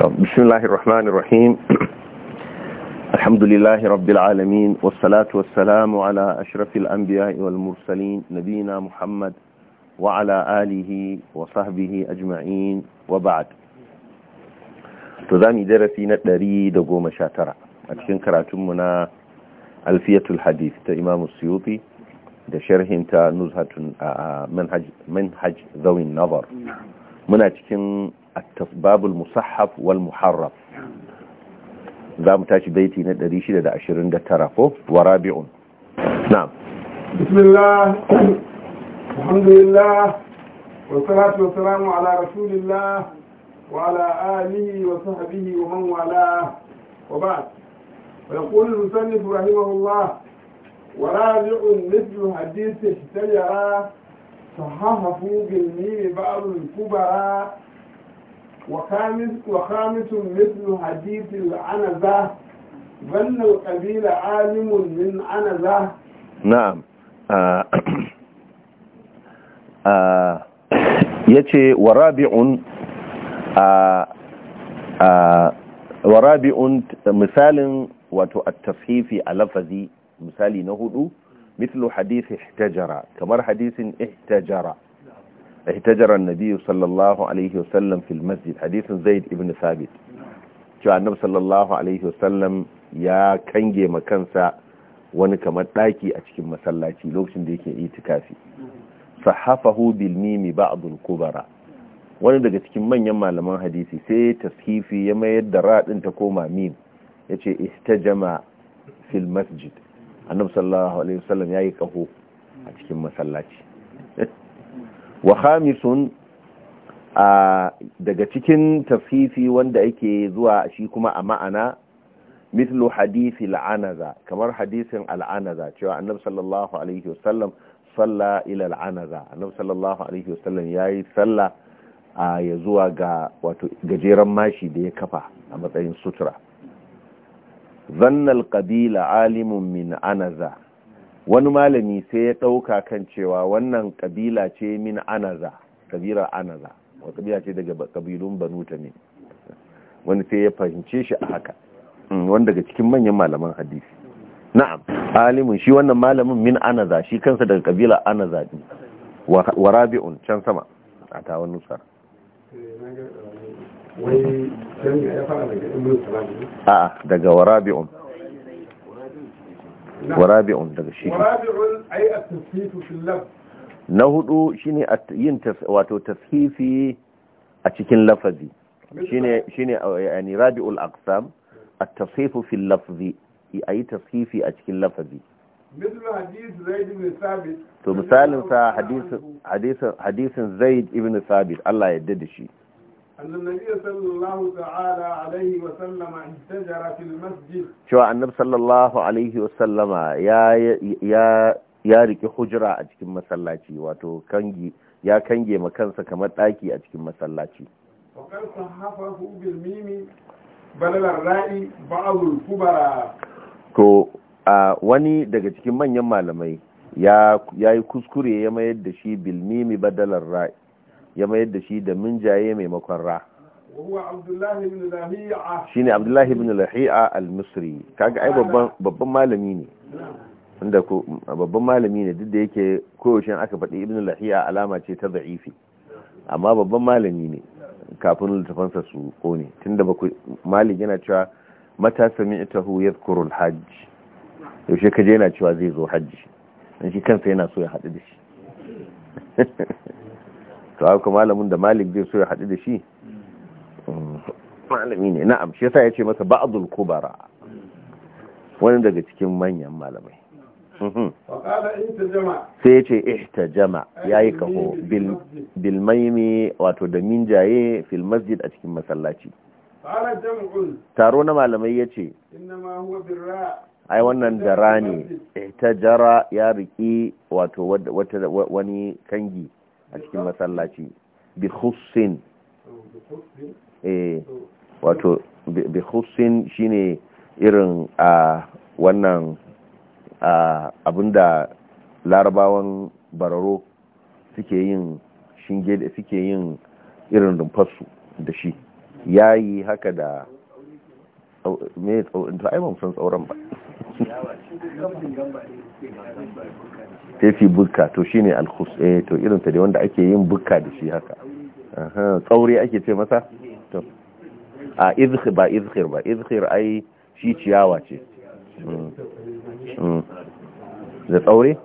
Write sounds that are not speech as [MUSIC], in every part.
Bismillahir Rahmanir Rahim Alhamdulillahi Rabbil Alamin was salatu was salam ala ashrafil anbiya wal mursalin nabiyina Muhammad wa ala alihi wa sahbihi ajma'in wa ba'd To zamu da goma sha tara. a cikin karatun mu na Alfiyatul Hadith ta Imam Suyuti da sharhin ta Nuzhatun Manhaj Manhaj Zawin Nazar muna cikin التصباب المصحف والمحرف زام تاش بيتي ندري شي دا 20 دا تراكو ورابع نعم بسم الله الحمد لله والصلاة والسلام على رسول الله وعلى آله وصحبه ومن والاه وبعد ويقول المصنف رحمه الله ورابع مثل حديث اشتجرا صححه بالميم بعض الكبراء وخامس وخامس مثل حديث العنزة ظن القبيل عالم من عنزة نعم yace wa rabi'un wa rabi'un misalin wato at-tashifi a lafazi misali na hudu mithlu hadith kamar hadisin ihtajara ihtajara annabi sallallahu alaihi wasallam fil masjid hadisin zaid ibn thabit cewa annabi sallallahu alaihi wasallam ya kange ma kansa wani kamar daki a cikin masallaci lokacin da yake itikafi sahafahu bil mimi ba'd al kubara wani daga cikin manyan malaman hadisi sai tashifi ya mayar da radin ta koma mim yace ihtajama fil masjid annabi sallallahu alaihi wasallam yayi kaho a cikin masallaci [LAUGHS] wa khamisun daga cikin tafifi wanda yake zuwa shi kuma a ma'ana mithlu hadisi al'anaza kamar hadisin al'anaza cewa annab sallallahu alaihi wasallam salla ila al'anaza annab sallallahu alaihi wasallam yayi salla ya zuwa ga wato gajeren mashi da ya kafa a matsayin sutura Zannal al-qabila alimun min anaza wani malami sai ya ɗauka kan cewa wannan ƙabila ce min anaza ƙabilar anaza wa ƙabila ce daga ƙabilun banu ne. wani sai ya fahimce shi a haka mm, wani daga cikin manyan malaman hadisi na'am alimun shi wannan malamin min anaza shi kansa daga ƙabilar anaza ne wa rabi'un can sama a tawon nusar a'a daga warabi'un ورابع دغشي ورابع اي التثيف في اللفظ نهدو yin wato tashifi a cikin lafazi shine shine yani rabi'ul aqsam at-tashif fi al-lafzi ayi tashifi a cikin lafazi to misalin sa hadisin zaid حديث زيد Allah ya yarda da shi أن النبي صلى الله تعالى عليه وسلم احتجر في المسجد شو النبي صلى الله عليه وسلم يا يا ya rike hujra a cikin masallaci wato kangi ya kange ma kansa kamar daki a cikin masallaci wakar sahafahu bil mimi balalar ra'i ba'ul kubara to wani daga cikin manyan malamai ya yi kuskure ya mayar da shi bilmimi badalar ra'i ya mayar da shi da minjaye maimakon ra shi ne abdullahi ibn lahi'a al-misri kaga ai babban malami ne inda babban malami ne duk da yake koyaushe aka faɗi ibn lahi'a alama ce ta za'ifi amma babban malami ne kafin littafansa su kone tunda ba malik yana cewa mata hu ya al hajji yaushe kaje yana cewa zai zo hajji dan shi kansa yana so ya haɗu da shi [LAUGHS] to haka malamin da malik zai so ya haɗu da shi malami ne na'am shi yasa ya ce masa ba'dul kubara wani daga cikin manyan malamai mhm. sai ya ce jama ya yi kaho maimi wato da minjaye fil masjid a cikin masallaci taro na malamai ya ce ai wannan rani ne jara ya riki wato wani kangi a cikin masallaci bi khussin eh wato bi shine irin a wannan abinda larabawan bararo suke yin shinge da suke yin irin rumfarsu da shi yayi haka da me tsawon tsawon tsauran ba Tafi bukka to shine alkhus eh, to irin ta dai wanda ake yin bukka da shi haka tsauri ake ce masa to a izhir ba izhir ba izhir ai shi ciyawa ce hmm. Hmm. da tsauri?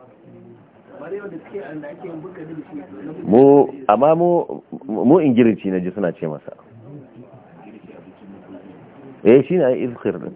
mu amma mu mu ingirici na ji suna ce masa eh shine ai izhir din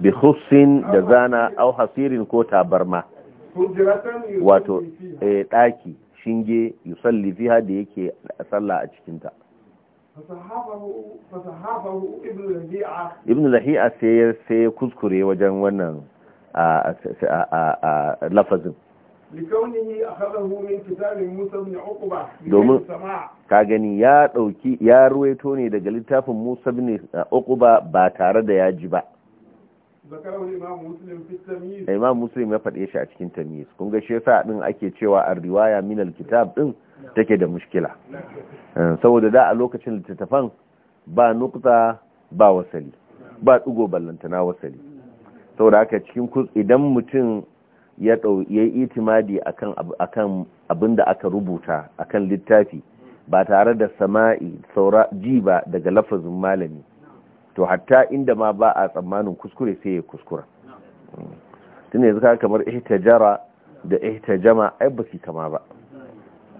bi khussin da zana au hasirin ko tabarma wato eh, ɗaki shinge yusalli fiha da yake sallah a cikinta ibn lahi'a sai ya kuskure wajen wannan lafazin domin ka gani ya ɗauki ya ruwaito ne daga littafin musa bin eh, uquba ba tare da ya ji ba imam muslim ya faɗe shi a cikin tamiz kun ga shi yasa din ake cewa a riwaya min alkitab din take da mushkila eh, saboda da a lokacin littattafan ba nukta ba wasali ba ɗugo ballantana wasali saboda haka cikin kus idan mutum ya yi itimadi akan abin da aka rubuta akan littafi ba tare da sama'i saura ji ba daga lafazin malami to hatta inda ma ba a tsammanin kuskure sai ya kuskura tunda yanzu kaga kamar ihtajara da ihtajama ai ba su kama ba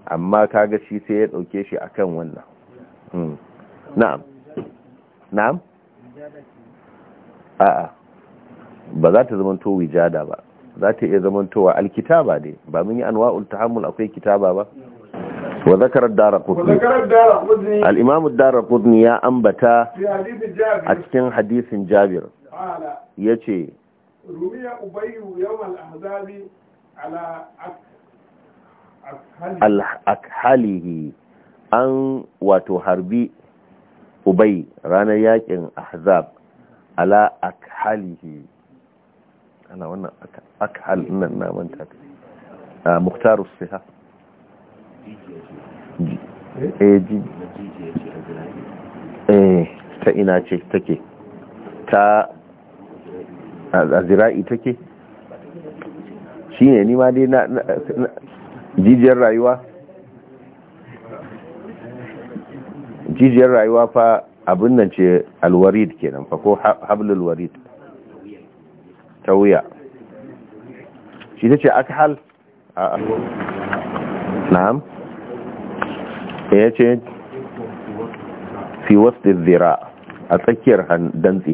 amma kaga shi sai ya dauke shi akan wannan hmm. na'am na'am a'a ba za ta zamanto wijada ba za ta iya zamantowa alkitaba ne ba mun yi anwa'ul tahammul akwai kitaba ba wa zakar dara kudni al’imamu dara kudni ya ambata a cikin hadisin jabir ya ce al’akhalihi an wato harbi ubai ranar yakin ahzab ala akhalihi a Eh, eh, ta ina ce take ta a zira'i take shi ne nima dai na jijiyar rayuwa jijiyar rayuwa fa abin nan ce alwarid kenan fa ko hablul warid ta wuya shi ta ce akhal a na'am me ya ce fi wasu zira a tsakiyar dantse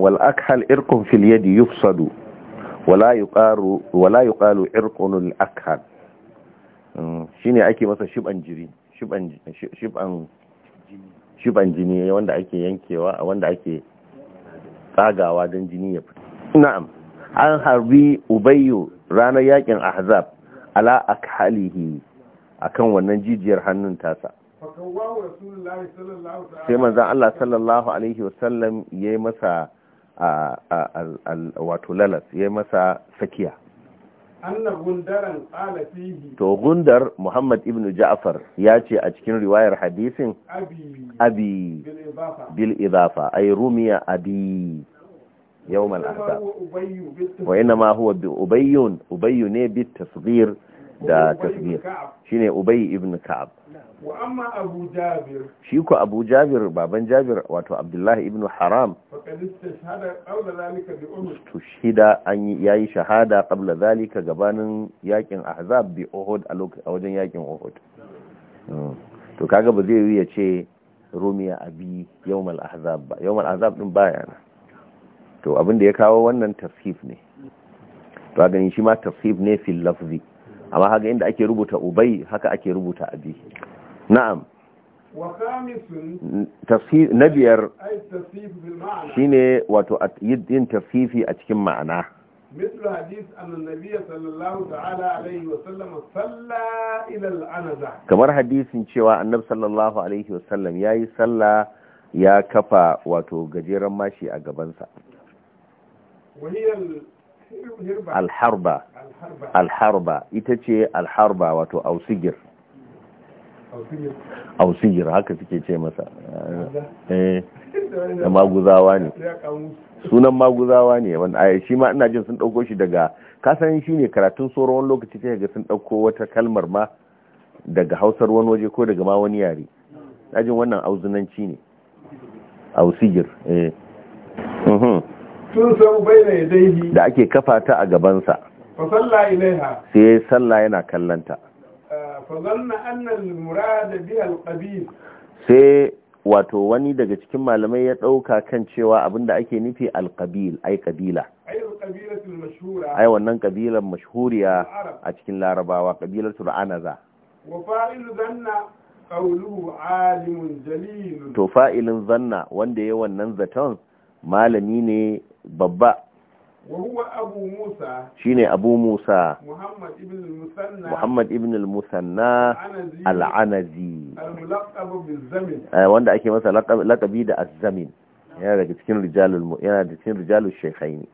wal akhal irqun fil yadi yufsadu wala yuqaru wala yuqalu irqun al akhal mm, shine ake masa shiban jiri shiban jini wanda ake yankewa wanda ake tsagawa don jini ya fita na'am an harbi ubayyu ranar yakin ahzab ala akhalihi akan wannan jijiyar hannun tasa sai manzan Allah sallallahu alaihi wasallam ya yi masa wato lalas ya masa sakiya to gundar muhammad ibn ja'far ya ce a cikin riwayar hadisin abi bil idafa ay rumiya abi yawm al ahzab wa inma huwa bi ubayyun ubayyu ne bi tasghir da tasbih shine ubay ibn ka'ab wa amma abu jabir shi ko abu jabir baban jabir wato abdullahi ibn haram to shida an yayi shahada qabla zalika gabanin yakin ahzab bi uhud a wajen yakin uhud hmm. to kaga ba zai yi ce rumiya abi yawmal ahzab ba yawmal ahzab din baya na to abin da ya kawo wannan tafsif ne to ni shi ma tafsif ne fil lafzi amma haka inda ake rubuta ubai haka ake rubuta abi na'am na biyar shi ne wato yin tafifi a cikin ma'ana مثل حديث أن النبي صلى الله تعالى عليه وسلم صلى إلى العنزة كما حديث شوى النبي صلى الله عليه وسلم يا يا ماشي أقبنسا وهي alharba alharba ita ce alharba wato ausigir ausigir haka suke ce masa eh maguzawa ne sunan maguzawa ne wanda shi ma ina jin sun dauko shi daga kasan shi ne karatun tsoron wani lokaci sai ga sun dauko wata kalmar ma daga hausar wani waje ko daga ma wani yare ajin wannan auzunanci ne ausigir eh mhm. da ake kafa ta a gabansa sai ya salla yana kallanta eh, sai wato wani daga cikin malamai ya ɗauka kan cewa abinda ake nufi alƙabil ai ƙabila ai wannan ƙabilar mashhuriya a cikin larabawa ƙabilar tur'anaza to fa'ilin zanna wanda ya wannan zaton malami ne babba shi ne abu musa muhammad ibn al-musanna al'anazi eh, wanda ake masa lakabi da azamin yana daga cikin rijalul shekai ne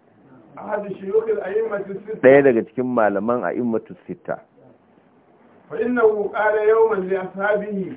ɗaya daga cikin malaman a'immatu sita qala yawman li ashabihi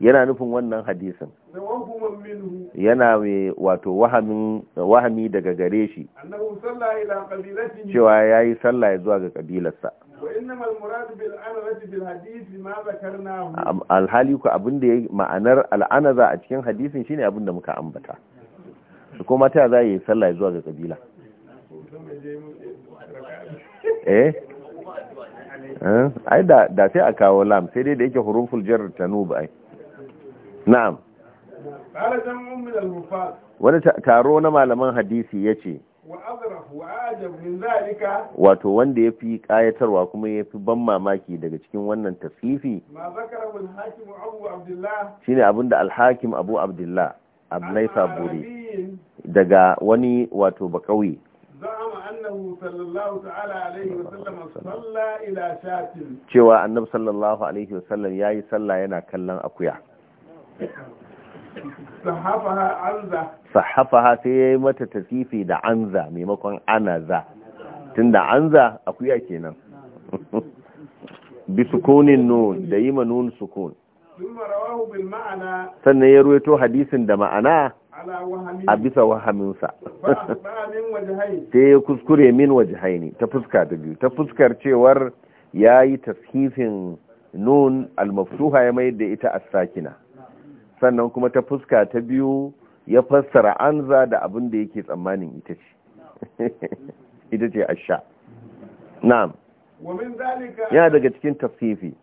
yana nufin wannan hadisin yana mai wato wahami daga gare shi cewa ya yi sallah ya zuwa ga kabilarsa alhali ku abinda ya ma'anar al'anaza a cikin hadisin shine abinda muka ambata su kuma ta za yi sallah ya zuwa ga kabila eh, eh? ai da sai a kawo lam sai dai da yake huruful jar ba ai na'am wani taro na malaman hadisi ya ce wato wanda ya fi ƙayatarwa kuma ya fi ban mamaki daga cikin wannan tafifi ne abinda alhakim abu abdullah abdullahi saburi daga wani wato bakawi cewa annabu sallallahu alaihi wasallam ya yi sallah yana kallon akuya sahafaha sai ya yi mata tafifi da anza maimakon anaza tun da anza akuya kenan [LAUGHS] Bi sukunin nun da yi manun sukun sannan ya ruwaito hadisin da ma'ana a bisa wahaminsa [LAUGHS] sai ya kuskure min haini ta fuska da biyu ta fuskar cewar ya yi tasifin nun almafsuha ya mai da ita a sakina sannan kuma ta fuska ta biyu ya fassara anza da abin da yake tsammanin ita ce [LAUGHS] ita ce asha na'am yana daga cikin tafsifi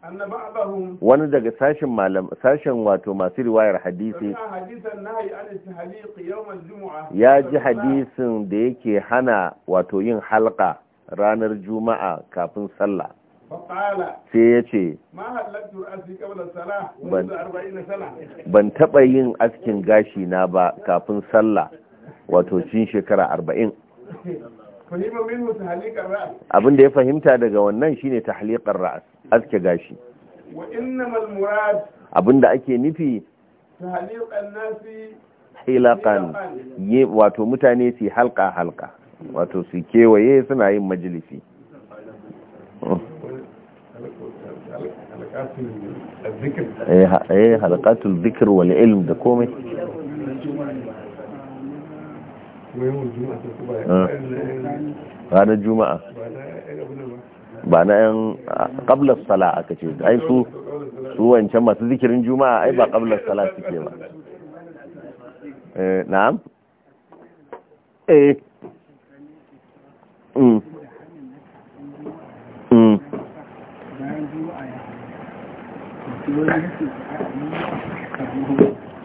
wani daga sashen malam sashen wato masu riwayar hadisi ya ji hadisin da yake hana wato yin halka ranar juma'a kafin sallah sai ya ce ban taɓa yin askin gashi na ba kafin sallah wato cin shekara arba'in abin da ya fahimta daga wannan shine halikar ra'as aske gashi abin da ake nufi halakan wato mutane su halka halka wato su kewaye suna yin majalisi eh halakatul zikir wal ilm da komai ranar juma'a ba na yan kablar sala aka ce ai su su wancan masu zikirin juma'a ai ba kablar sala suke ba na'am eh mm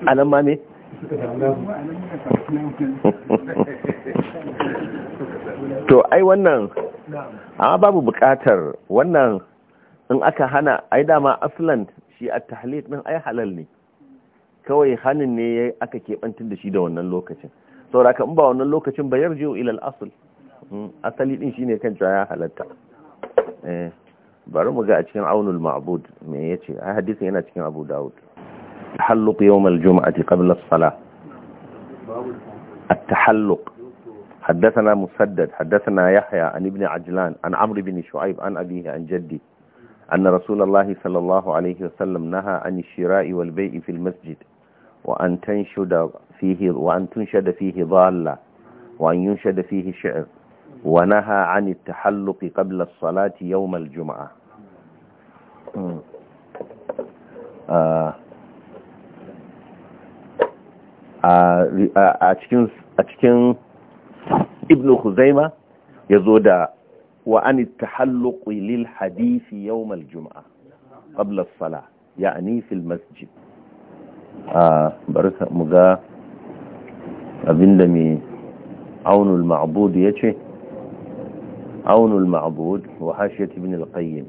anan ma ne [LAUGHS] to ai wannan amma babu bukatar wannan in aka hana ai dama aslan shi a tahalit din ai halal ne kawai hanin ne aka keɓantar da shi da wannan lokacin saboda ka ba wannan lokacin ba yarjiu ilal asul asl hmm, asali din shine kan cewa ya halatta eh bari mu ga a cikin aunul ma'bud me yace a hadisi yana cikin abu daud tahalluq yawm al-jum'ati qabla as-salah at-tahalluq حدثنا مسدد حدثنا يحيى عن ابن عجلان عن عمرو بن شعيب عن أبيه عن جدي أن رسول الله صلى الله عليه وسلم نهى عن الشراء والبيع في المسجد وأن تنشد فيه وأن تنشد فيه ضالة وأن ينشد فيه شعر ونهى عن التحلق قبل الصلاة يوم الجمعة a cikin ibn huzaima ya zo da wa an tahalluq lil hadisi yawm al jum'a qabla as sala ya'ni fil masjid bari mu ga abinda mai aunul ma'bud yace عون المعبود وحاشية ابن القيم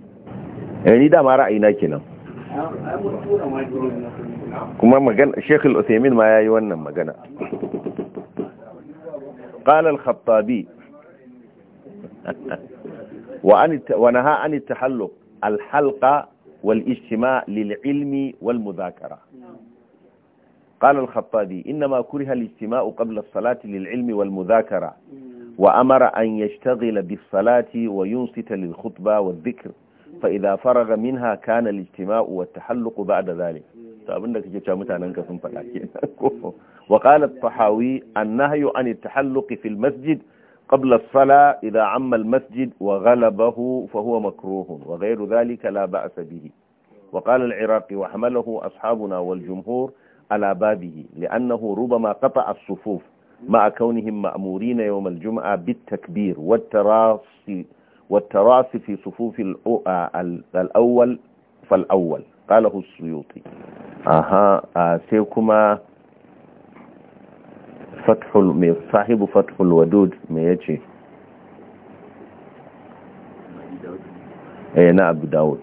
يعني ده ما رأينا كنا كما مجن الشيخ الأثيمين ما يأيونا مجن قال الخطابي ونهى عن التحلق الحلقة والاجتماع للعلم والمذاكرة قال الخطابي إنما كره الاجتماع قبل الصلاة للعلم والمذاكرة وأمر أن يشتغل بالصلاة وينصت للخطبة والذكر فإذا فرغ منها كان الاجتماع والتحلق بعد ذلك فأبن لك جبتا متعننك وقال الطحاوي النهي عن التحلق في المسجد قبل الصلاة إذا عم المسجد وغلبه فهو مكروه وغير ذلك لا بأس به وقال العراقي وحمله أصحابنا والجمهور على بابه لأنه ربما قطع الصفوف مع كونهم مأمورين يوم الجمعة بالتكبير والتراصي والتراصي في صفوف آه، الأول فالأول قاله السيوطي أها آه، سيكما فتح صاحب فتح الودود ما يجي أي نعم أبو داود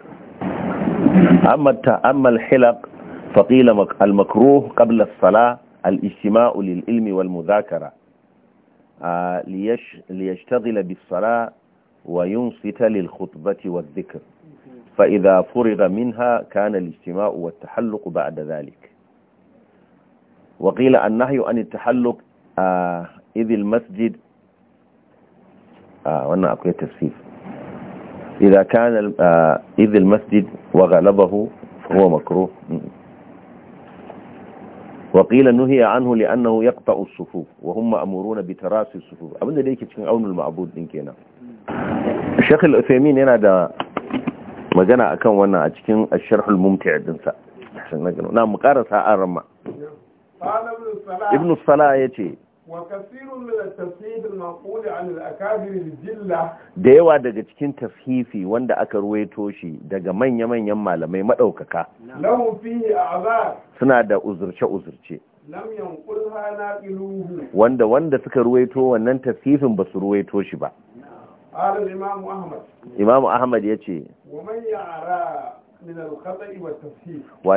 أما الحلق فقيل المكروه قبل الصلاة الاجتماع للعلم والمذاكرة آه، ليش ليشتغل بالصلاة وينصت للخطبة والذكر فإذا فرغ منها كان الاجتماع والتحلق بعد ذلك وقيل النهي عن التحلق آه، إذ المسجد آه، وأنا أقول التفسير إذا كان إذ المسجد وغلبه فهو مكروه وقيل نهي عنه لانه يقطع الصفوف وهم امرون بتراسي الصفوف abin da yake cikin aunul ma'bud din kenan Sheikh Al-Uthaymeen yana da magana akan wannan a cikin al-Sharh al-Mumti' din sa na mu karasa an ramma. Ibn Ibn Salah yace وكثير من التفهيم المقول عن الأكابر الجلة da yawa daga cikin tafhifi wanda aka ruwaito shi daga manya-manyan malamai maɗaukaka lahu fihi a'zar suna da uzurce-uzurce lam yanqulha naqiluhu wanda wanda suka ruwaito wannan tafhifin ba su ruwaito shi ba qala imam ahmad Imamu ahmad yace wa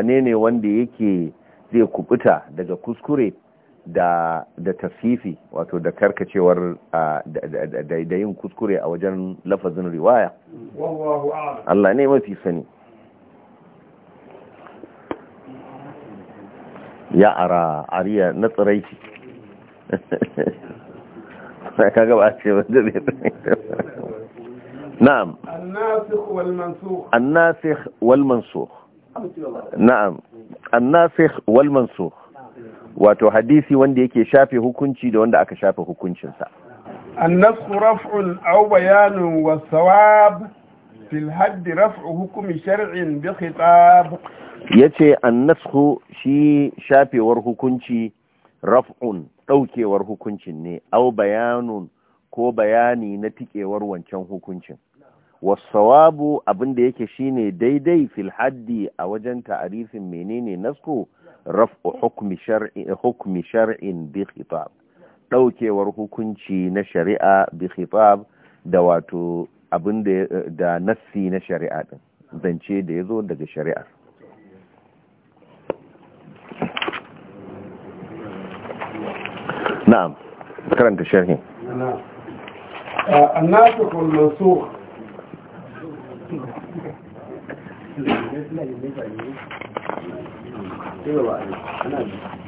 man wanda yake zai kubuta daga kuskure da da tasifi wato da karkacewar da yin kuskure a wajen lafazin riwaya Allah ne mafi sani ya ara ariya na tsiraici sai [LAUGHS] ka gaba ce wanda zai na'am an wal walmansu na'am an wal walmansu wato hadisi wanda yake shafe hukunci da wanda aka shafe hukuncinsa raf'un رفع bayanun بيان والصواب في الحد رفع حكم Ya ce yace annasku shi shafewar hukunci raf'un ɗaukewar hukuncin ne au bayanun ko bayani na tikewar wancan hukuncin wasawabu abinda yake shine daidai fil haddi a wajen ta'arifin menene nasku raf'u hukumi shar'i hukmi shar'in bi khitab daukewar hukunci na shari'a bi khitab da wato abin da nassi na shari'a din zance da yazo daga shari'a na'am karanta sharhin الناسخ والمنسوخ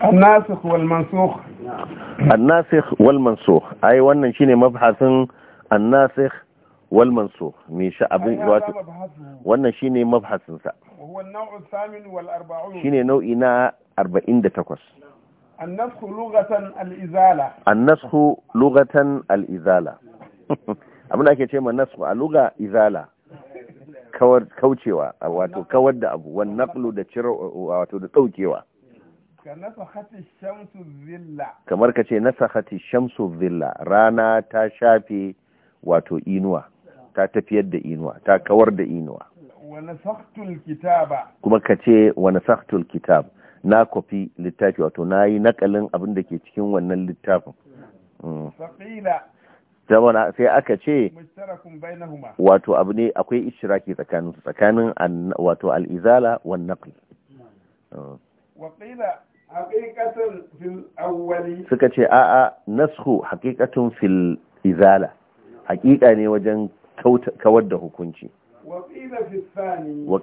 الناسخ والمنسوخ الناسخ والمنسوخ اي wannan shine mabhasin الناسخ والمنسوخ mai sha'abin wato wannan shine mabhasin sa huwa an-naw'u ath-thamin wal-40 shine nau'i na 48 النسخ لغة الإزالة النسخ لغة الإزالة abin da ake ce ma a luga izala kawar kaucewa wato kawar da abu wan naqlu da cire wato da daukewa kamar ka ce nasakhati shamsu zilla rana ta shafe wato inuwa ta tafiyar da inuwa ta kawar da inuwa kuma ka ce wa nasaktul kitab na kofi littafi wato na yi nakalin abin da ke cikin wannan littafin mm. saboda sai aka ce wato abu ne akwai ishiraki tsakanin tsakanin wato al'izala wan naql mm. suka ce a'a nashu haqiqatun fil izala haqiqa ne wajen kawar da hukunci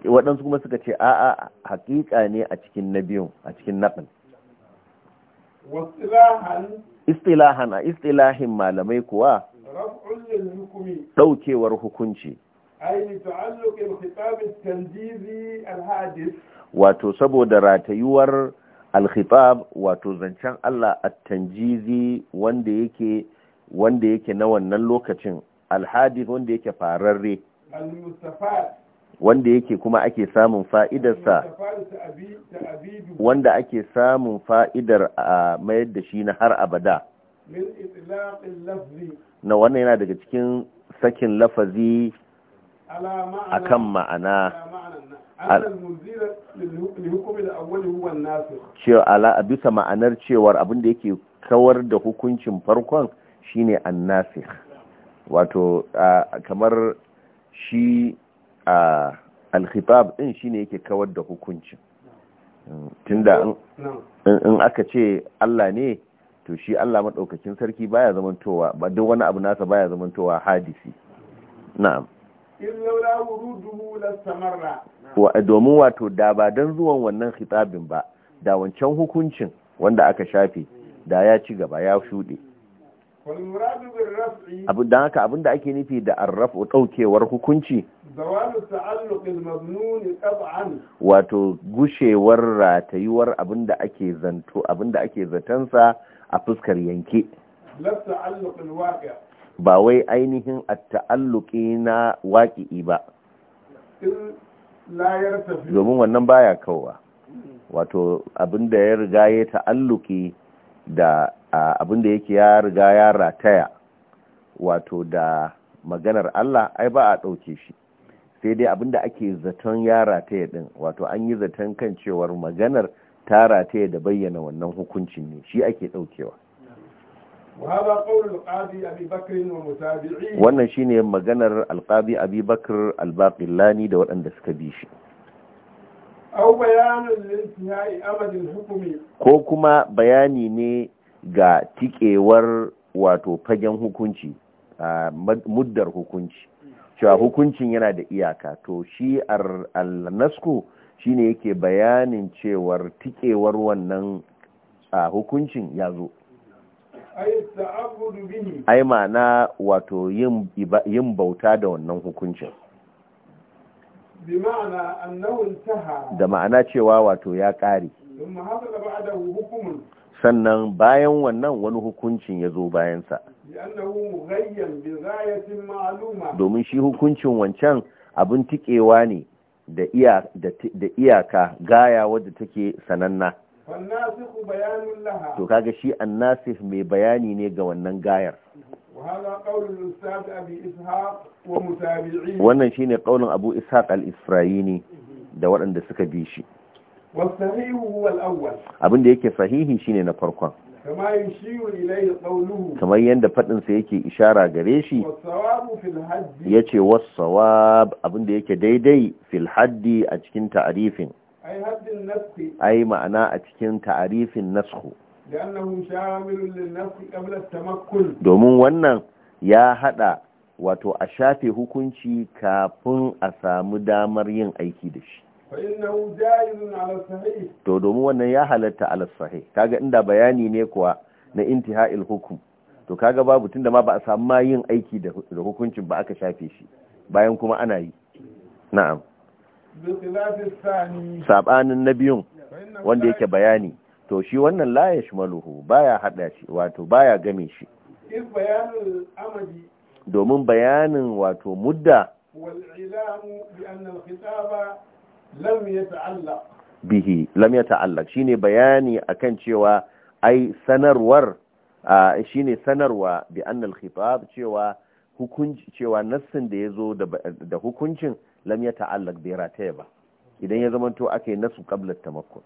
waɗansu kuma suka ce a'a haƙiƙa ne a cikin na biyu a cikin naƙin istilahan a istilahin malamai kuwa ɗaukewar hukunci wato saboda ratayuwar alkhitab wato zancen Allah at-tanjizi wanda yake wanda yake na wannan lokacin alhadith wanda yake fararre wanda yake kuma ake samun fa'idarsa wanda ake samun fa'idar a mayar da shi na har abada na wannan yana daga cikin sakin lafazi a kan ma'ana a bisa ma'anar cewar abinda yake kawar da hukuncin farkon shine annasir wato kamar shi a alhibab din shine yake kawar da hukuncin tunda in aka ce Allah ne to shi Allah madaukakin sarki baya zamantowa ba duk wani abu nasa baya zamantowa hadisi na'am domin wato da ba don zuwan wannan khitabin ba da wancan hukuncin wanda aka shafe da ya ci gaba ya shuɗe dan haka abinda ake nufi da arrafu daukewar hukunci wato gushewar ratayuwar abinda ake zanto abinda ake zatansa a fuskar yanke ba wai ainihin a ta'alluki na waƙi'i ba domin wannan baya kawowa wato abinda ya riga ya ta'alluki da abinda yake ya riga ya rataya wato da maganar Allah ai ba a ɗauke shi sai dai abinda ake zaton ya rataya din wato an yi zaton kan cewar maganar tara ta da bayyana wannan hukuncin ne shi ake daukewa wannan shi ne maganar alƙabi abi albaƙillani da waɗanda suka bi shi ko kuma bayani ne ga tikewar wato fagen hukunci a muddar hukunci cewa hukuncin yana da iyaka to shi al-nasku shine yake bayanin cewar tikewar wannan a hukuncin ya zo ai ma'ana wato yin bauta da wannan hukuncin da ma'ana cewa wato ya ƙari sannan bayan wannan wani hukuncin ya zo bayansa domin shi hukuncin wancan abin tikewa ne da iyaka gaya wadda take sananna to kaga shi annasif mai bayani ne ga wannan gayar wannan shi ne ƙaunin abu ishaq al-isra'ini mhm. da waɗanda suka bi shi Abin da yake sahihi shi ne na farkon kamar yadda faɗinsa yake ishara gare shi ya ce wasawab abinda yake daidai fil haddi a cikin ta'arifin ai ma'ana a cikin ta'arifin nasku domin wannan ya hada wato a shafe hukunci kafin a samu damar yin aiki da shi to domin wannan ya halatta ala kaga inda bayani ne kuwa na intiha'il hukum to kaga babu tunda ma ba a samu ma yin aiki da hukuncin ba aka shafe shi bayan kuma ana yi na'am sabanin na biyun wanda yake bayani to shi wannan la yashmaluhu baya hada shi wato baya game shi domin bayanin wato mudda bihi lam ya ta'allaq shine bayani akan cewa ai sanarwar shine sanarwa bi annal khitab cewa hukunci cewa nassin da yazo da hukuncin lam ya ta'allaq bi rataya ba idan ya zamanto ake nasu qabla tamakkun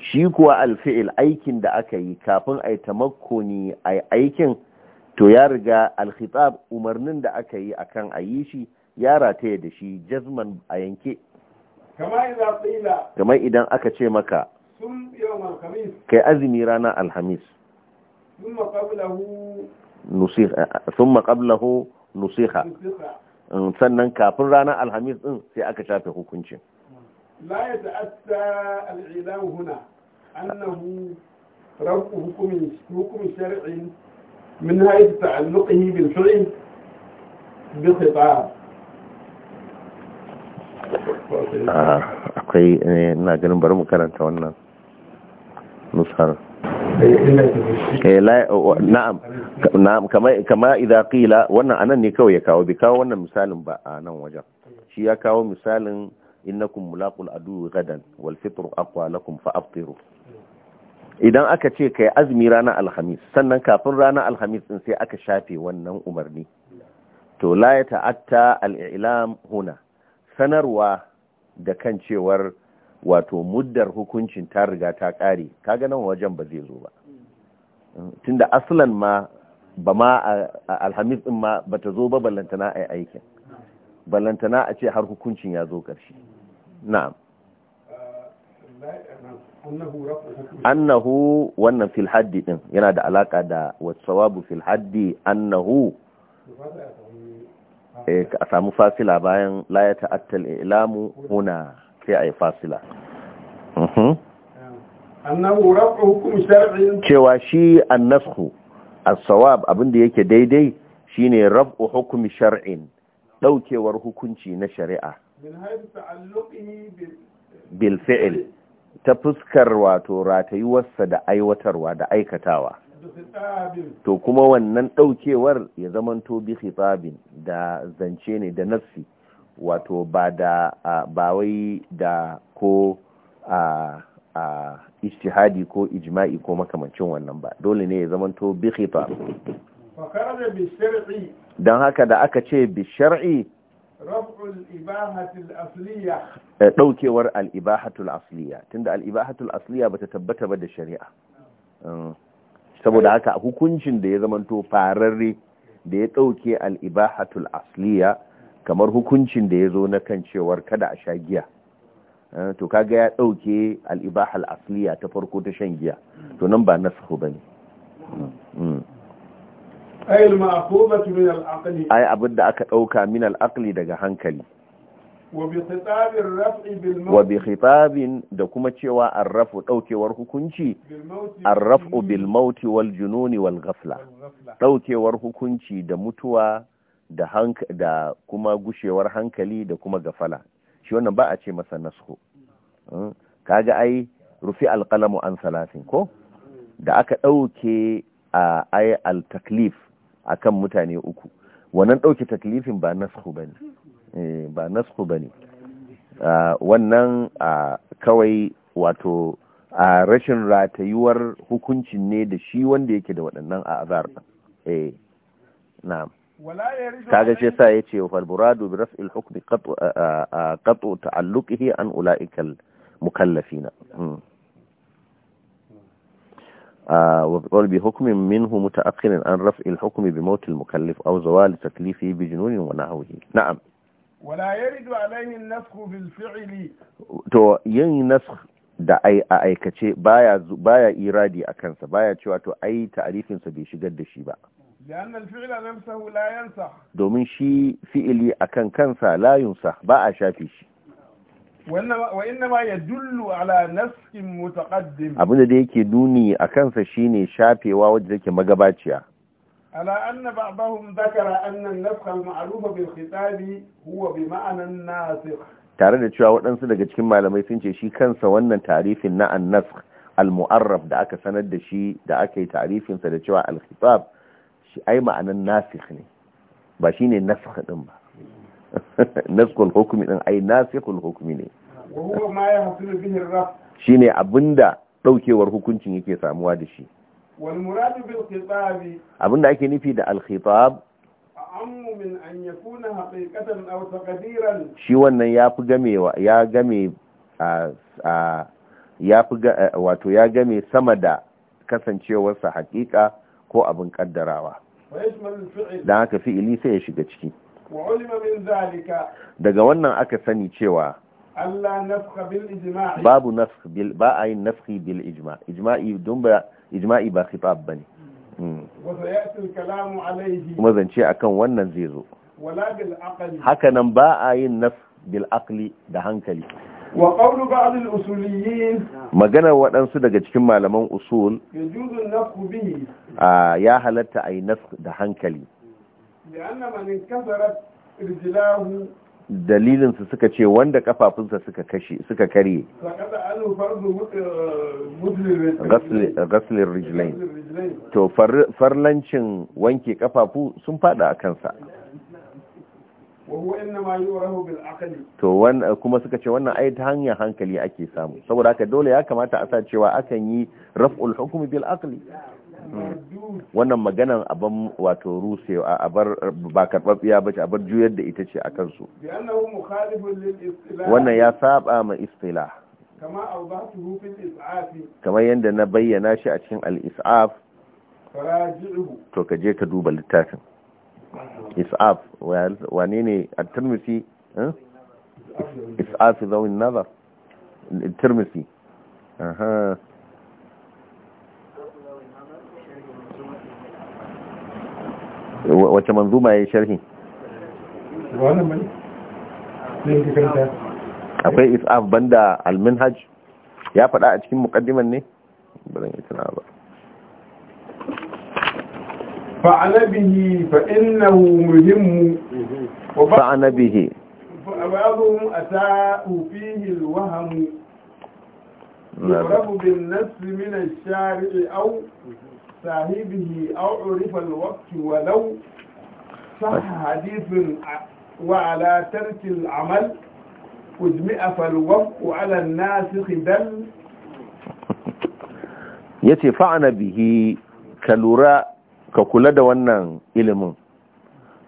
shi kuwa alfi'il aikin da aka yi kafin ai tamakkuni ai aikin to ya riga alkhitab umarnin da aka yi akan a shi ya rataye da shi jazman a yanke kamar idan aka ce maka kai azumi ranar alhamis sun maƙablahu eh, eh, nusiha mm, sannan kafin ranar alhamis din sai aka shafe hukuncin la ya الإعلام من حيث تعلقه بالفعل بخطاب akwai na ganin bari mu karanta wannan nusar na'am kama idza qila wannan anan ne kawai ya kawo bai kawo wannan misalin ba a nan wajen shi ya kawo misalin innakum mulaqul adu gadan wal akwa", aqwa lakum fa aftiru idan aka ce kai azumi ranar alhamis sannan kafin ranar alhamis din sai aka shafe wannan umarni to la ya ta'atta al'ilam huna sanarwa da kan cewar wato muddar hukuncin ta riga ta ƙare kaga nan wajen ba zai zo ba tunda aslan ma ba ma alhamis din ma ba ta zo ba ballantana a aikin ballantana a ce har hukuncin ya zo ƙarshe na'am uh, annahu wannan fil haddi din yana da alaka da wasawabu fil haddi annahu eh, a samu fasila bayan layata attal ilamu huna sai a yi fasila mhm. cewa shi annasku as-sawab abinda yake daidai shine rab'u hukumi shar'in daukewar hukunci na shari'a bil fi'l ta fuskar wato ratayuwarsa da aiwatarwa da aikatawa to kuma wannan ɗaukewar ya zamanto bi khitabin da zance ne da nafsi wato ba da ba wai da ko a a ko ijma'i ko makamancin wannan ba dole ne ya zamanto bi khitab don haka da aka ce bi shar'i Eh, ɗaukewar al'ibahatul asliya tunda al'ibahatul asliya bata tabbata ba da shari'a mm. saboda haka hukuncin da ya zamanto fararre da ya ɗauke al'ibahatul asliya kamar hukuncin da ya zo na kan cewar kada a sha giya eh, to kaga ya ɗauke al'ibahal asliya ta farko ta shan giya to nan ba mm. bane mm. ai abin da aka ɗauka min al'aqli daga hankali wa bi khitabin da kuma cewa arrafu ɗaukewar hukunci arrafu bil mauti wal jununi wal ghafla ɗaukewar hukunci da mutuwa da kuma gushewar hankali da kuma gafala shi wannan ba a ce masa nasko hmm? ga ai rufi alƙalamu an salasin ko da aka ɗauke a ai al-taklif akan mutane uku wannan ɗauke taklifin ba nasu bane. ne eh, ba nasu ba ne ah, wannan ah, kawai wato a ah, rashin ratayuwar hukuncin ne da shi wanda yake da waɗannan a azar eh na'am kaga shi yasa yace wa falburadu bi raf'il hukmi qat'u ta'alluqihi an ula'ikal mukallafina hmm. وبطلب حكم منه متأخر عن رفع الحكم بموت المكلف أو زوال تكليفه بجنون ونحوه نعم ولا يرد عليه النسخ بالفعل تو yin nasakh da ai a aikace baya baya iradi a kansa baya cewa to ai ta'arifin sa bai shigar da shi ba domin shi fi'ili akan kansa layunsa ba a shafe shi abinda da yake nuni a kansa shine shafewa wajen take magabaciya ala anna ba'dahum dhakara anna an-nafkh al-ma'ruf bil khitab huwa bi ma'na an-nasikh tare da cewa waɗansu daga cikin malamai sun ce shi kansa wannan tarifin na an-nasikh al-mu'arraf da aka sanar da shi da aka yi tarifinsa da cewa al-khitab shi ai ma'anan nasikh ne ba shine nasikh din ba [LAUGHS] naskul hukumi din ai nasikul hukumi ne ya shine abinda daukewar hukuncin yake samuwa da shi abinda ake nufi da al-khitab min an yakuna haqiqatan aw taqdiran shi wannan yafi gamewa ya game a ya wato ya game sama da kasancewarsa haqiqa ko abin kaddarawa don haka fi'ili sai ya shiga ciki daga wannan aka sani cewa babu nafkh bil ba a yin nafi bil ijma ijma'i ba ijma'i ba khitab bane hmm. kuma zance akan wannan zai zo haka nan ba a yin nafi bil aqli da hankali wa qawlu ba'd al usuliyyin maganar waɗansu daga cikin malaman usul yajuzu bihi ya halatta ay nafi da hankali dalilin su suka ce wanda kafafunsa suka kashe suka karye gaslin rijlain to farlancin wanke kafafu sun fada a kansa to kuma suka ce wannan ai ta hanyar hankali ake samu saboda haka dole ya kamata a sa cewa akan yi raf'ul hukumi bil aqli wannan maganan abin wato rusewa a bar ba karɓaɓɓiya ba ce a bar juyar da ita ce a kansu wannan ya saba ma istila kamar yadda na bayyana shi a cikin al-is'af to ka je ka duba littafin is'af wane ne a turmisi eh? is'af zawin nazar turmisi wace manzuma ya yi sharhi akwai isaf banda alminhaj ya faɗa a cikin mukaddiman ne barin na ba bihi fa'innahu muhimmu bihi صاحبه أو عرف الوقت ولو صح حديث وعلى ترك العمل أجمع فالوفق على الناسخ دل yace fa'ana bihi ka lura ka kula da wannan ilimin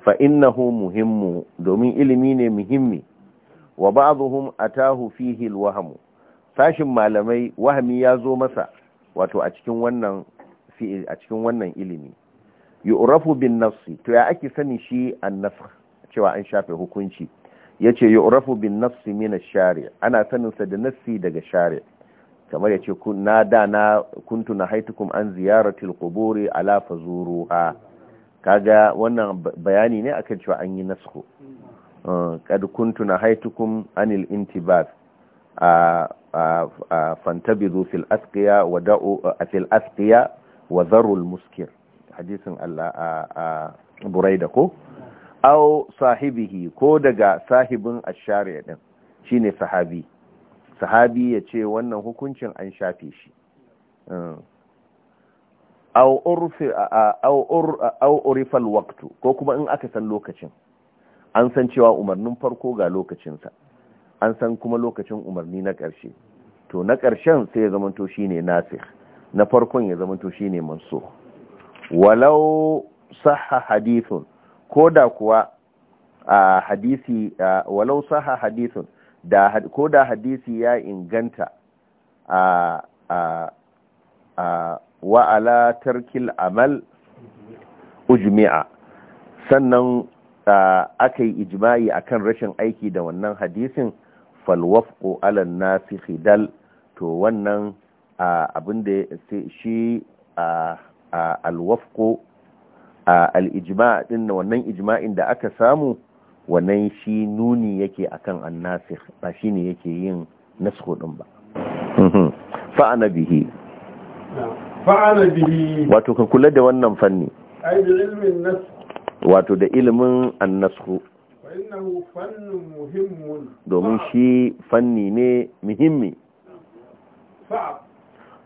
fa innahu muhimmi domin ilimi ne muhimmi wa ba'dhum atahu fihi alwahmu sashin malamai wahami ya zo masa wato a cikin wannan a cikin wannan ilimi yu'rafu bin nafsi to ya ake sani shi annafakh cewa an shafe hukunci yace yu'rafu bin nafsi min ash-shari ana saninsa da nafsi daga shari kamar ya ce na da na kuntu haitukum an ziyarati al-quburi ala fazuruha kaga wannan bayani ne akan cewa an yi nasko hmm. uh, kad kuntu haitukum anil intibas fantabidu fil asqiya wa fil asqiya wa zarul muskir hadisin Allah a buraida ko aw sahibihi ko daga sahibin ashari din shine sahabi sahabi yace wannan hukuncin an shafe shi mm. aw urifa al-waqt ko kuma in aka san lokacin an san cewa umarnin farko ga lokacinsa an san kuma lokacin umarni na ƙarshe to na ƙarshen sai ya zamanto shine nasikh na farkon ya zama to shine manso walau saha hadithun da kuwa a hadisi walau saha hadithun da koda hadisi ya inganta a wa'ala amal ujmi'a sannan aka yi ijma'i akan rashin aiki da wannan hadisin falwafko alan nasi hidal, to wannan abin da shi alwafko al'ijima ɗin na wannan ijima'in da aka samu wannan shi nuni yake akan nasir ba shi ne yake yin nasko ɗin ba mhm. fa'ana bihi fa'ana bihi wato ka kula da wannan fanni wato da ilimin an annasku domin shi fanni ne muhimmi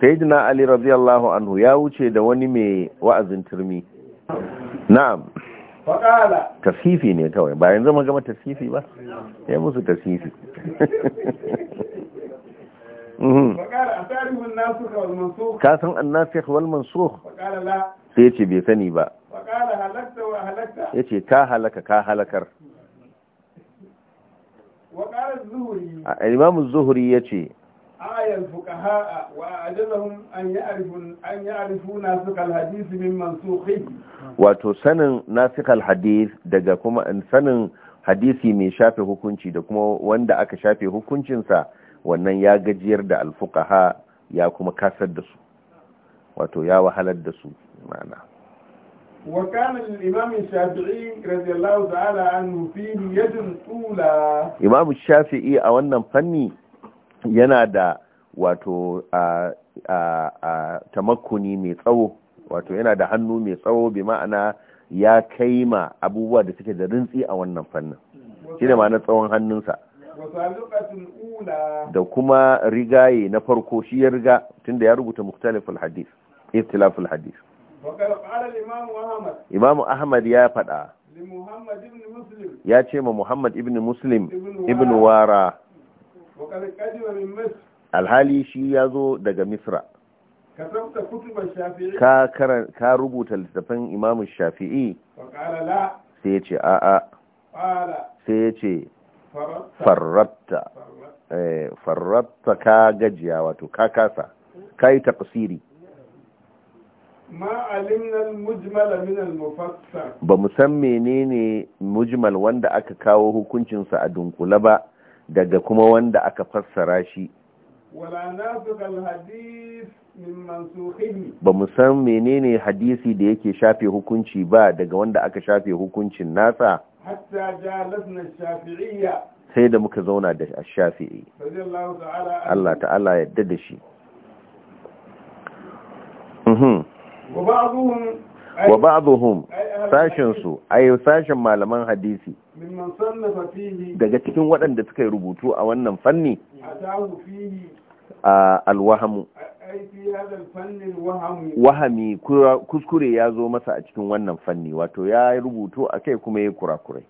sayyidina ali radiyallahu anhu ya wuce da wani mai wa'azin turmi na'am tasifi ne kawai bayan zama gama tasifi ba ya musu tasifi mhm. ka san annasikh wal mansukh sai ce bai sani ba ya ce ka halaka ka halakar imam zuhuri ya ce wato sanin nasikh alhadith daga kuma sanin hadisi mai shafe hukunci da kuma wanda aka shafe hukuncinsa wannan ya gajiyar da alfuqaha ya kuma kasar da su wato ya wahalar da su ma'ana وكان الإمام الشافعي رضي الله تعالى عنه فيه يد الأولى إمام الشافعي أولا فني ينادى wato a tamakkuni mai tsawo wato yana da hannu mai tsawo bi ma'ana ya kai ma abubuwa da suke da rintsi a wannan fannin shi ne ma'ana tsawon hannunsa da kuma rigaye na farko shi ya riga tunda ya rubuta muktaliful hadis iftilaful hadis imamu ahmad ya faɗa ya ce ma muhammad ibn muslim ibn wara alhali shi ya zo daga misra ka rubuta littafin imamu shafi'i sai ya ce a'a sai ya ce farratta farratta ka gajiya wato ka kasa ka yi taƙasiri ba mu san menene mujmal wanda aka kawo hukuncinsa a dunkule ba daga kuma wanda aka fassara shi ba mu san menene hadisi da yake shafe hukunci ba daga wanda aka shafe hukuncin nasa sai da muka zauna da shafi'i Allah ta'ala yadda da shi wa ba'dhum sashin su ay sashin malaman hadisi daga cikin waɗanda suka yi rubutu a wannan fanni a alwahamu wahami kuskure ya zo masa a cikin wannan fanni wato ya rubutu a kai kuma ya kurakurai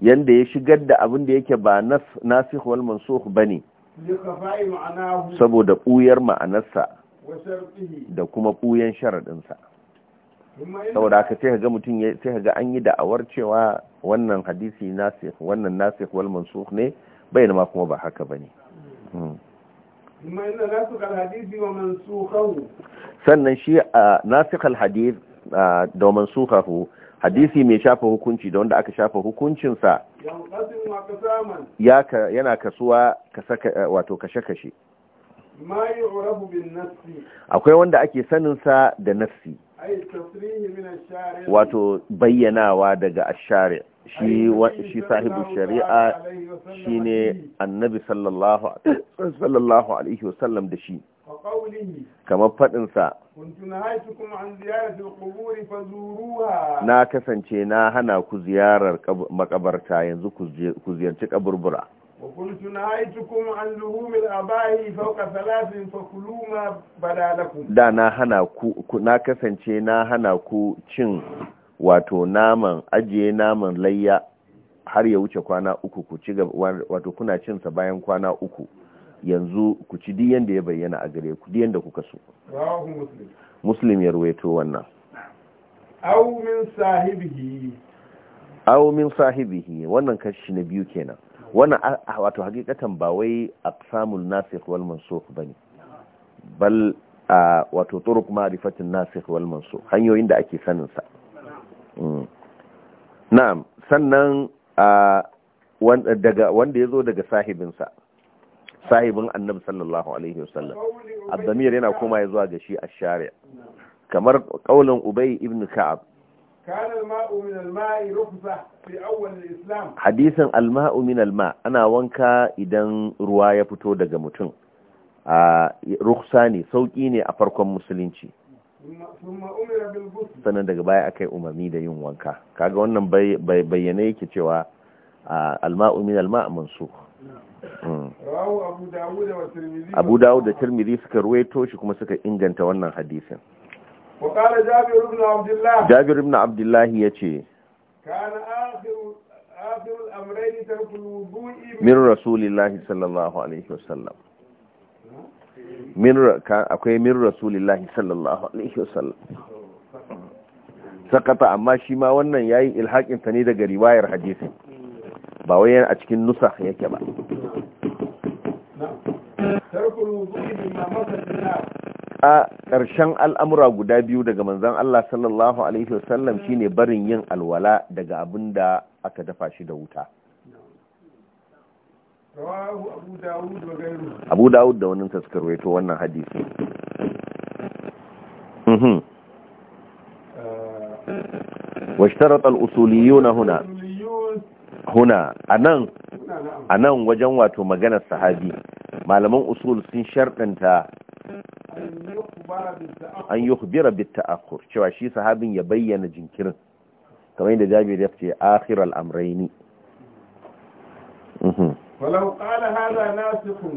yanda ya shigar da abin da yake ba nasikh mansu ba bane saboda ɓuyar ma'anarsa da kuma ɓuyen sharaɗinsa saboda haka sai ga mutum sai ga an yi da'awar cewa wannan hadisi nasir wannan nasir wal mansukh ne bai ma kuma ba haka bane hmm. sannan shi nasikh al hadith da mansukhahu hadisi mai shafa hukunci da wanda aka shafa hukuncinsa yana kasuwa wato kashe-kashe akwai wanda ake saninsa da nafsi, wato bayyanawa daga ashari shi sahibu shari'a shi ne annabi sallallahu [COUGHS] alaihi wasallam da shi kamar faɗinsa na kasance na hana ku ziyarar makabarta yanzu ku ziyarci kaburbura وقلت نهيتكم عن لهوم الاباء فوق ثلاث فكلوا ما بدا لكم دا نا هنا كو نا كسانشي نا هنا كو cin wato naman ajiye naman layya har ya wuce kwana uku ku ci wato kuna cin sa bayan kwana uku yanzu ku ci duk yanda ya bayyana a gare ku duk yanda kuka so muslim ya ruwaito wannan aw min sahibihi aw min sahibihi wannan kashi na biyu kenan wannan wato hakikatan ba wai aqsamul nasikh wal mansukh bane bal wato turuq ma'rifatin nasikh wal mansukh hanyoyin da ake sanin sa mm. na'am sannan wanda daga wanda yazo daga sahibin sahibin annabi sallallahu alaihi wasallam ad yana koma zuwa ga shi ash-shari' kamar kaulin ubay ibn ka'ab hadisan الماء من alma ana wanka idan ruwa ya fito daga mutum أنا وانكا إذن رواية ne دقا متن رخصة sannan daga baya aka yi umarni da yin wanka kaga wannan bayyana yake cewa alma'u min alma' mansu mm. Abu Dawud da Tirmidhi suka ruwaito shi kuma suka inganta wannan hadisin وقال جابر بن عبد الله جابر بن عبد الله يتي كان آخر آخر الأمرين ترك الوضوء من رسول الله صلى الله عليه وسلم من كان أكوي من رسول الله صلى الله عليه وسلم sakata amma shi ma wannan yayi ilhakin sa ne daga riwayar hadisi ba wai yana a cikin nusakh yake ba a ƙarshen al'amura guda biyu daga manzan Allah sallallahu Alaihi wasallam shi ne barin yin alwala daga abin da aka dafa shi da wuta. Abu Dawud da wani taskar to wannan hadisi. Mhm. Eh. Washtarat al'usuliyu na huna, huna, a nan wajen wato maganar sahabi, malaman usul sun sharɗanta an yi hubira bitta akur cewa shi sahabin ya bayyana jinkirin kamar yadda jabir ya ce akhiral amraini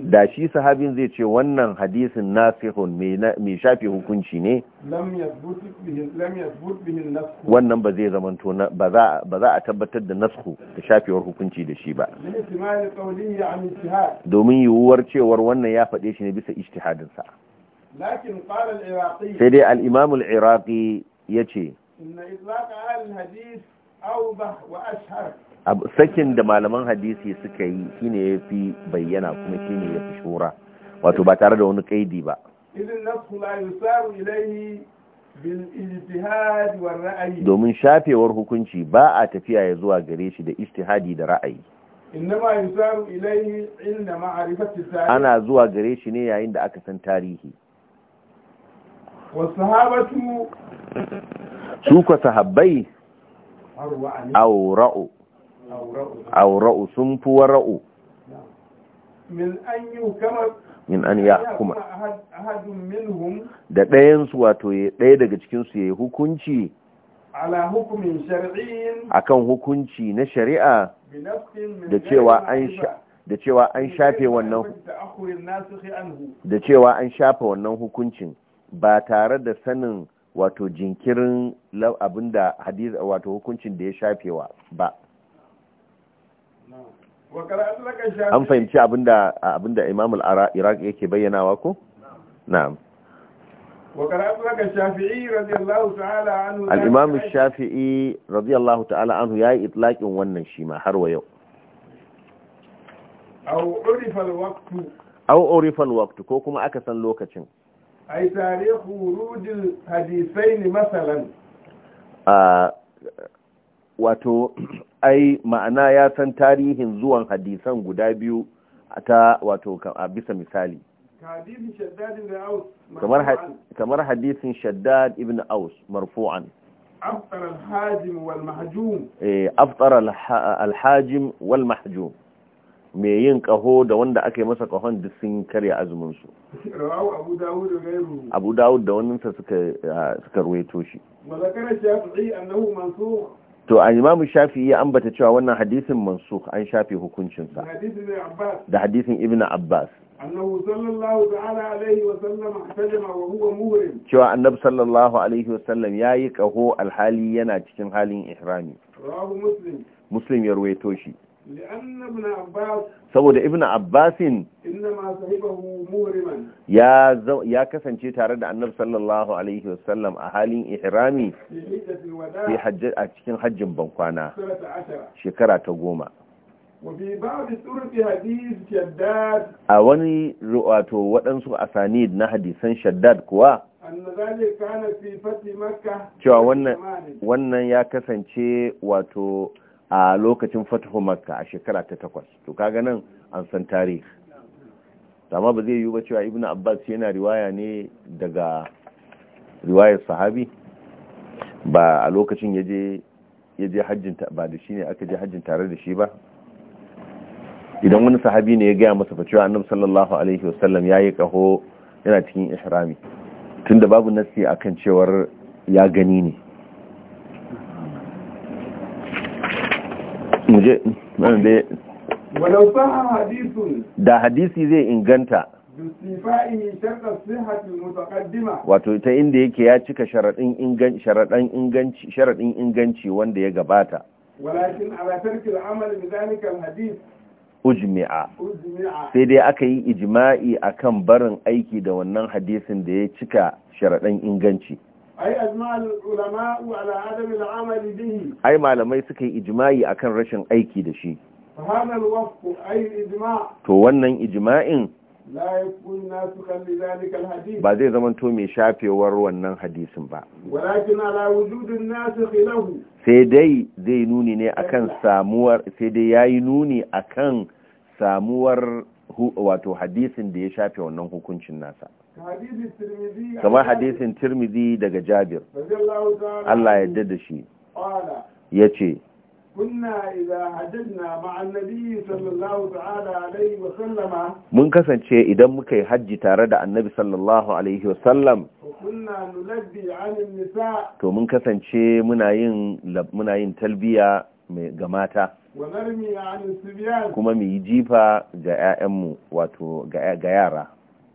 da shi sahabin zai ce wannan hadisin nasihun mai shafe hukunci ne wannan ba zai zamanto ba za a tabbatar da nasku da shafewar hukunci da shi ba domin yiwuwar cewar wannan ya faɗe shi ne bisa ijtihadinsa sai dai al-imamul iraqi ya ce sakin da malaman hadisi suka yi shine ya fi bayyana kuma shine ya fi shura wato ba tare da wani kaidi ba domin shafewar hukunci ba a tafiya ya zuwa gare shi da istihadi da ra'ayi ana zuwa gare shi ne yayin da aka san tarihi su ka sahabbai aura'u aura'u sun fi wara'u min an ya kuma da ɗayansu wato ɗaya daga cikinsu ya yi hukunci akan hukunci na shari'a da cewa an da cewa an shafe wannan da cewa an shafe wannan hukuncin ba tare da sanin wato jinkirin abinda hadis wato hukuncin da ya shafe wa ba an fahimci abinda imamul iraq yake bayyanawa ko? na'am al’imam shafi’i radiyallahu ta’ala anhu ya yi itlaƙin wannan shi ma har wa yau au orifal waktu ko kuma aka san lokacin ai tarihu rujin hadisai ne matsalan wato ai ma'ana ya san tarihin zuwan hadisan guda biyu ta wato a bisa misali kamar hadisin shaddad ibn aus marfu'an aftar alhajim wal mahjum mai yin kaho da wanda aka yi masa kahon duk sun karya azumin su abu dawud da wannan sa suka ah, suka ruwaito shi to a imamu shafi ya ambata cewa wannan hadisin mansukh an shafe hukuncin sa da hadisin ibn abbas annahu sallallahu alaihi wa sallam ihtajama wa huwa muhrim cewa annabi sallallahu alaihi wa sallam yi kaho alhali yana cikin halin ihrami rawahu muslim muslim ya ruwaito shi saboda ibn abbasin ya kasance tare da annab sallallahu alaihi wasallam a halin ihrami a cikin hajjin bankwana shekara ta goma a wani ruwato waɗansu asanid na hadisan shaddad kuwa cewa wannan ya kasance wato a lokacin fatahu makka a shekara ta takwas to kaga nan an san tarihi amma ba zai yiwu ba cewa ibn abbas yana riwaya ne daga riwayar sahabi ba a lokacin ya je hajjin ba da shi ne aka je hajjin tare da shi ba idan wani sahabi ne ya gaya masa fa cewa annabi sallallahu alaihi wasallam yayi kaho yana cikin ihrami tunda babu nasi akan cewar ya gani ne muje da hadisi zai inganta wato ta inda yake ya cika sharaɗin inganci wanda ya gabata walakin ala tarki al'amal bi zalika ujmi'a sai dai aka yi ijma'i akan barin aiki da wannan hadisin da ya cika sharaɗin inganci ai malamai suka yi ijma'i akan rashin aiki da shi to wannan ijma'in ba zai zama to mai shafewar wannan hadisin ba sai dai zai nuni ne akan samuwar sai dai yayi nuni akan samuwar wato hadisin da ya shafe wannan hukuncin nasa kamar hadisin tirmidhi daga jabir Allah ya yarda da shi ya ce mun kasance idan muka yi hajji tare da annabi sallallahu alaihi wasallam to mun kasance muna yin talbiya ga mata kuma mu yi jifa ga 'ya'yanmu wato ga yara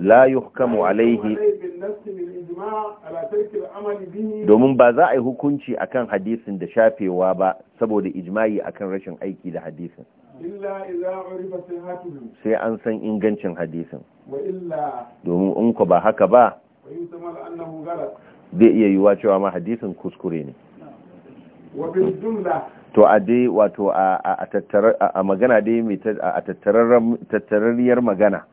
la yuhkamu alaihi domin ba za a yi hukunci akan hadisin da shafewa ba saboda ijma'i akan rashin aiki da hadisin sai an san ingancin hadisin domin in ku ba haka ba zai iya yiwuwa cewa ma hadisin kuskure ne to a dai wato a magana dai mai a tattararriyar magana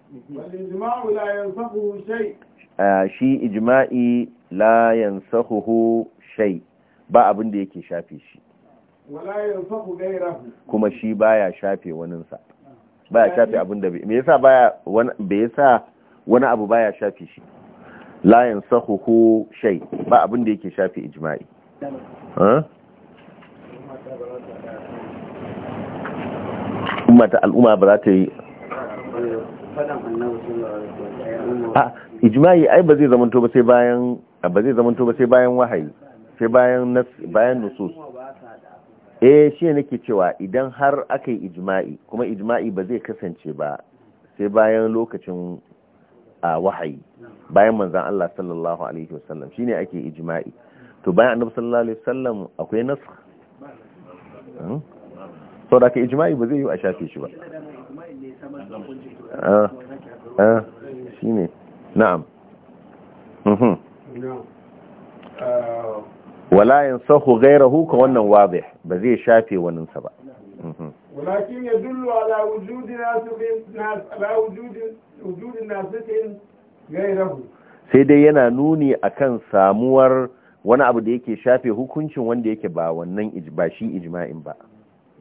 shi ijma'i la yansahuhu shai ba abin da yake shafe shi kuma shi baya shafe waninsa ah. baya shafe abin da me yasa baya bai yasa wani abu baya shafe shi la yansahuhu shai ba abin da yake shafe ijma'i al'umma ta al'umma ba za ta yi a ijma'i ai ba zai zamanto ba sai bayan ba zai zamanto ba sai bayan wahayi sai bayan bayan nusus eh shi nake cewa idan har aka yi ijimai kuma ijimai ba zai kasance ba sai bayan lokacin a wahayi bayan manzan Allah sallallahu alaihi wasallam shi ne ake ijimai to bayan annabi sallallahu alaihi wasallam akwai nasakh hmm? sau da ka ijimai ba zai yi a shafe shi ba ah, ah, shi na'am mhm. wala yin sahu gaira huka wannan wabe ba zai shafe waninsa ba mhm. walakin ya dullu وجود ناسخ nasirin gaira وجود sai dai yana nuni akan samuwar wani abu da yake shafe hukuncin wanda yake ba wannan ba shi ijma'in ba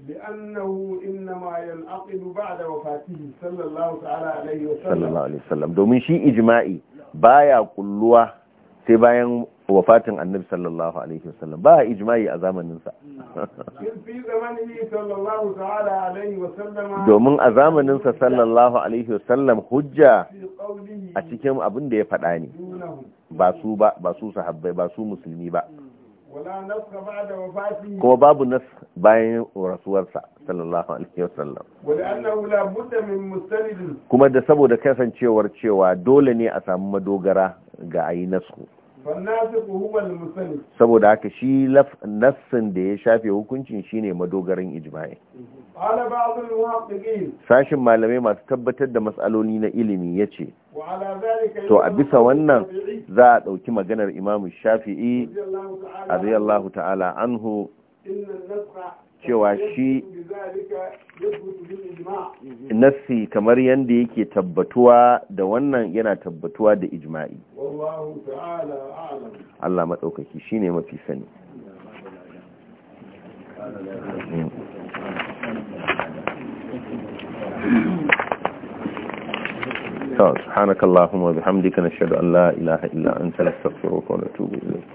لأنه إنما ينعقد بعد وفاته صلى الله تعالى عليه وسلم صلى الله عليه وسلم دومين شيء إجماعي بايا wafatin annabi sallallahu alaihi wasallam ba ijma'i a zamaninsa domin a zamaninsa sallallahu alaihi wasallam hujja a cikin abin da ya faɗa ne ba su ba ba su sahabbai ba su musulmi ba kuma babu nas bayan rasuwarsa sallallahu alaihi wasallam kuma da saboda kasancewar cewa dole ne a samu madogara ga ayi nasu saboda haka shi nassin da ya shafe hukuncin shine madogarin ijma'i sashin malamai masu tabbatar da matsaloli na ilimi ya ce to a bisa wannan za a ɗauki maganar imamu shafi'i a ta'ala anhu cewa shi nassi kamar yadda yake tabbatuwa da wannan yana tabbatuwa da ijma'i Allah matsaukaki shi ne mafi sani سبحانك اللهم وبحمدك نشهد ان لا اله الا انت نستغفرك ونتوب اليك